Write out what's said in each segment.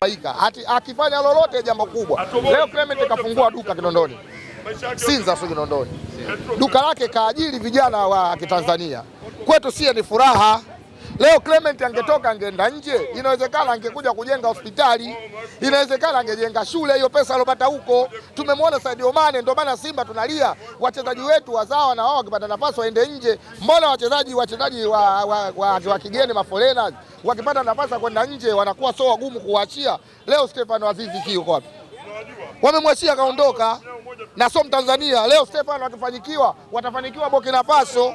Ati, akifanya lolote jambo kubwa. Leo Clement kafungua duka Kinondoni, Sinza sio Kinondoni, duka lake kaajiri vijana wa Kitanzania. Kwetu sie ni furaha. Leo Clement angetoka angeenda nje, inawezekana angekuja kujenga hospitali, inawezekana angejenga shule, hiyo pesa alopata huko. Tumemwona Sadio Mane, ndio maana Simba tunalia, wachezaji wetu wazawa na wao wakipata nafasi waende nje. Mbona wachezaji wachezaji wa, wa, wa, wa kigeni mafolena wakipata nafasi ya kwenda nje wanakuwa so wagumu kuwaachia? Leo Stefano Azizi kiko wapi? Wamemwachia akaondoka, na so Mtanzania. Leo Stefano akifanyikiwa watafanikiwa Burkina Faso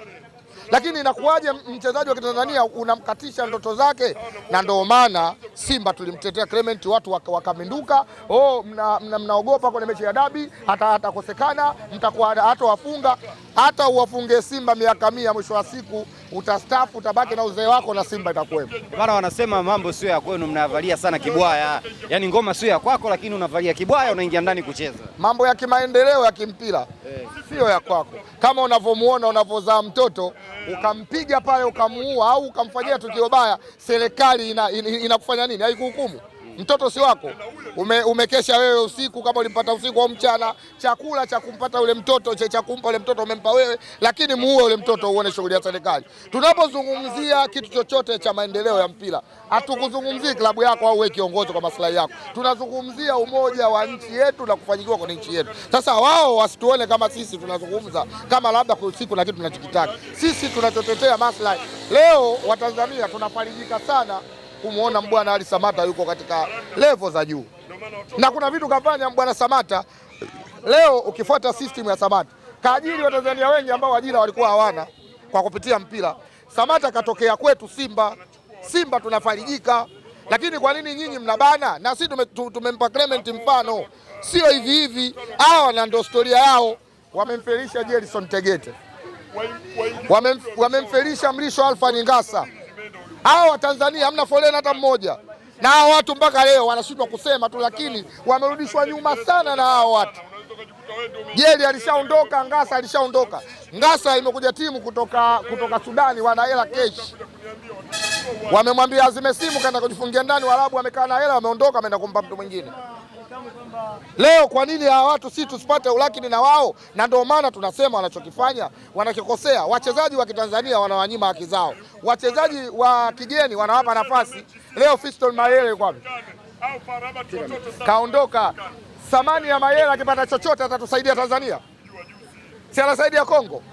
lakini inakuwaje mchezaji wa Kitanzania unamkatisha ndoto zake? Na ndio maana Simba tulimtetea Clement, watu wakaminduka, oh, mnaogopa mna, mna kwenye mechi ya dabi, hata atakosekana mtakuwa hata wafunga hata uwafunge Simba miaka mia, mwisho wa siku utastafu utabaki na uzee wako na Simba itakuwepo. Mara wanasema mambo sio ya kwenu, mnavalia sana kibwaya, yaani ngoma sio ya kwako, lakini unavalia kibwaya, unaingia ndani kucheza mambo ya kimaendeleo ya kimpira eh. sio siyo ya kwako, kama unavyomuona unavyozaa mtoto ukampiga pale ukamuua au ukamfanyia tukio baya, serikali inakufanya ina, ina nini? Haikuhukumu? Mtoto si wako, ume, umekesha wewe usiku, kama ulimpata usiku au mchana, chakula cha kumpata ule mtoto cha kumpa ule mtoto umempa wewe, lakini muue ule mtoto, uone shughuli ya serikali. Tunapozungumzia kitu chochote cha maendeleo ya mpira, hatukuzungumzii klabu yako au wewe kiongozi kwa maslahi yako, tunazungumzia umoja wa nchi yetu na kufanyikiwa kwenye nchi yetu. Sasa wao wasituone kama sisi tunazungumza kama labda kusiku na kitu tunachokitaka sisi, tunachotetea maslahi. Leo Watanzania tunafarijika sana kumwona Mbwana Ali Samata yuko katika levo za juu, na kuna vitu kafanya Mbwana Samata. Leo ukifuata system ya Samata, kaajiri Watanzania wengi ambao ajira walikuwa hawana kwa kupitia mpira. Samata katokea kwetu Simba, Simba tunafarijika, lakini kwa nini nyinyi mnabana? Na si tumempa Clement mfano, sio hivi hivi. Hawa na ndio storia yao, wamemfelisha jerison Tegete, wamemfelisha Mrisho Alfa Ningasa Hawa Watanzania hamna foleni hata mmoja, na hao watu mpaka leo wanashindwa kusema tu, lakini wamerudishwa nyuma sana na hawa watu. Jeli alishaondoka, Ngasa alishaondoka. Ngasa imekuja timu kutoka, kutoka Sudani, wana hela keshi, wamemwambia azime simu, kaenda kujifungia ndani. Waarabu wamekaa na hela, wameondoka, wameenda kumpa mtu mwingine. Leo kwa nini hawa watu si tusipate ulakini na wao? Na ndio maana tunasema wanachokifanya wanakikosea. Wachezaji wa Kitanzania wanawanyima haki zao, wachezaji wa kigeni wanawapa nafasi. Leo Fiston Mayele kwapi kaondoka, thamani ya Mayele akipata chochote atatusaidia Tanzania? Si anasaidia Kongo?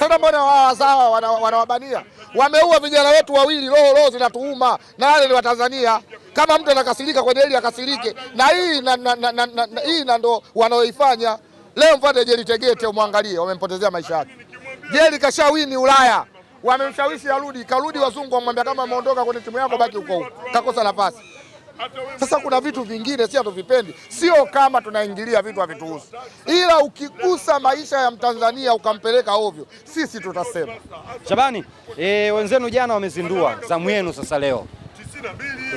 Sasa mbona wawazawa wanawabania? Wameua vijana wetu wawili, roho roho zinatuuma, na wale ni Watanzania. Kama mtu anakasirika kwenye hili akasirike, na hii na, na, na, na, na, hii na ndo wanaoifanya leo. Mfate Jeli Tegete umwangalie, wamempotezea maisha yake. Jeli kashawini Ulaya, wamemshawishi arudi, karudi, wazungu wamwambia kama ameondoka kwenye timu yako baki huko huko, kakosa nafasi. Sasa kuna vitu vingine si hatuvipendi, sio kama tunaingilia vitu havituhusu, ila ukigusa maisha ya Mtanzania ukampeleka ovyo, sisi tutasema. Shabani, e, wenzenu jana wamezindua zamu yenu sasa leo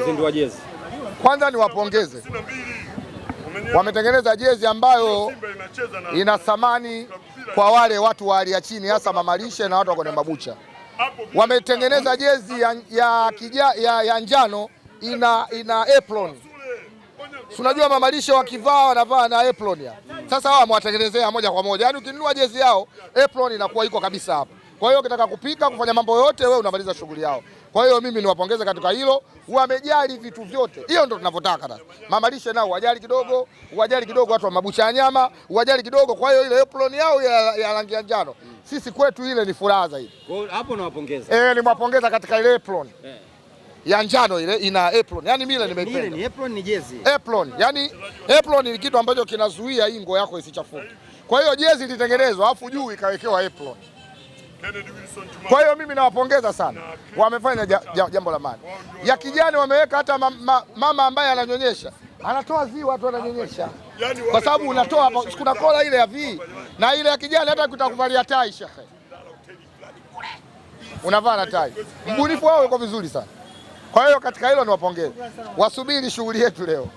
uzinduwa jezi. Kwanza niwapongeze, wametengeneza jezi ambayo ina thamani kwa wale watu wa hali ya chini, hasa mamalishe na watu wa kwenye mabucha. Wametengeneza jezi ya, ya, kija, ya, ya njano ina, ina apron. Unajua mamalishe wakivaa wanavaa na apron ya. Sasa hawa wamewatengenezea moja kwa moja, yaani ukinunua jezi yao apron inakuwa iko kabisa hapa. Kwa hiyo ukitaka kupika kufanya mambo yote, wewe unamaliza shughuli yao. Kwa hiyo mimi niwapongeze katika hilo, wamejali vitu vyote. Hiyo ndio tunavyotaka sasa. Mama lishe nao wajali kidogo, wajali kidogo watu wa mabucha ya nyama, wajali kidogo. Kwa hiyo ile apron yao ya ya rangi ya njano sisi kwetu ile ni furaha zaidi. Kwa hiyo Hapo nawapongeza eh, nimewapongeza katika ile apron eh, ya njano ile ina apron, Yaani mimi ile nimeipenda. Ile ni apron, ni jezi apron, Yaani apron ni kitu ambacho kinazuia ingo yako isichafuke. Kwa hiyo jezi ilitengenezwa afu juu ikawekewa apron. Kwa hiyo mimi nawapongeza sana, wamefanya jambo la maana. Ya kijani wameweka hata mama ambaye ananyonyesha anatoa zii, watu ananyonyesha, kwa sababu unatoa kuna kola ile ya vii na ile ya kijani, hata kutakuvalia tai shekhe, unavaa na tai. Mbunifu wao uko vizuri sana. Kwa hiyo katika hilo niwapongeze, wasubiri shughuli yetu leo.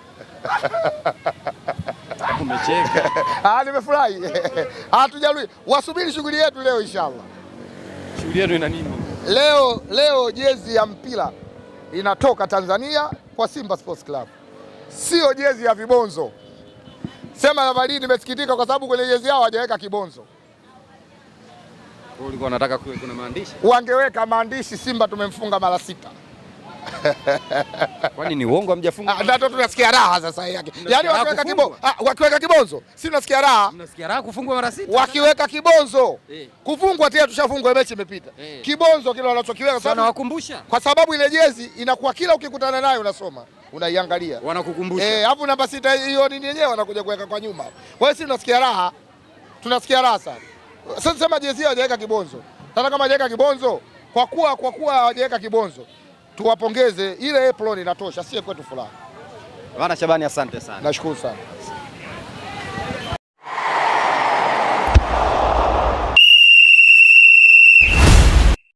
Umecheka? Ah, nimefurahi. Hatujarudi, wasubiri shughuli yetu leo inshallah. Shughuli ina nini? Leo leo jezi ya mpira inatoka Tanzania kwa Simba Sports Club, sio jezi ya vibonzo. Sema navali, nimesikitika kwa sababu kwenye jezi yao hawajaweka kibonzo. Ulikuwa unataka kuwe kuna maandishi, wangeweka maandishi Simba tumemfunga mara sita. Kwani ni uongo amjafunga? Ah, ndio tunasikia raha sasa yake. Yaani wakiweka kibonzo, ah, wakiweka kibonzo, si tunasikia raha. Tunasikia raha kufungwa mara sita. Wakiweka kibonzo. Eh. Kufungwa tena tushafungwa mechi imepita. Eh. Kibonzo kile wanachokiweka sana wakumbusha. Kwa sababu ile jezi inakuwa kila ukikutana nayo unasoma, unaiangalia. Wanakukumbusha. Eh, hapo namba sita hiyo nini yenyewe wanakuja kuweka kwa nyuma. Kwa hiyo si tunasikia raha. Tunasikia raha sana. Sasa sema jezi hiyo hawajaweka kibonzo. Sasa kama hawajaweka kibonzo, kwa kuwa kwa kuwa hawajaweka kibonzo tuwapongeze, ile apron inatosha, sio kwetu fulani Bana Shabani, asante sana, nashukuru sana.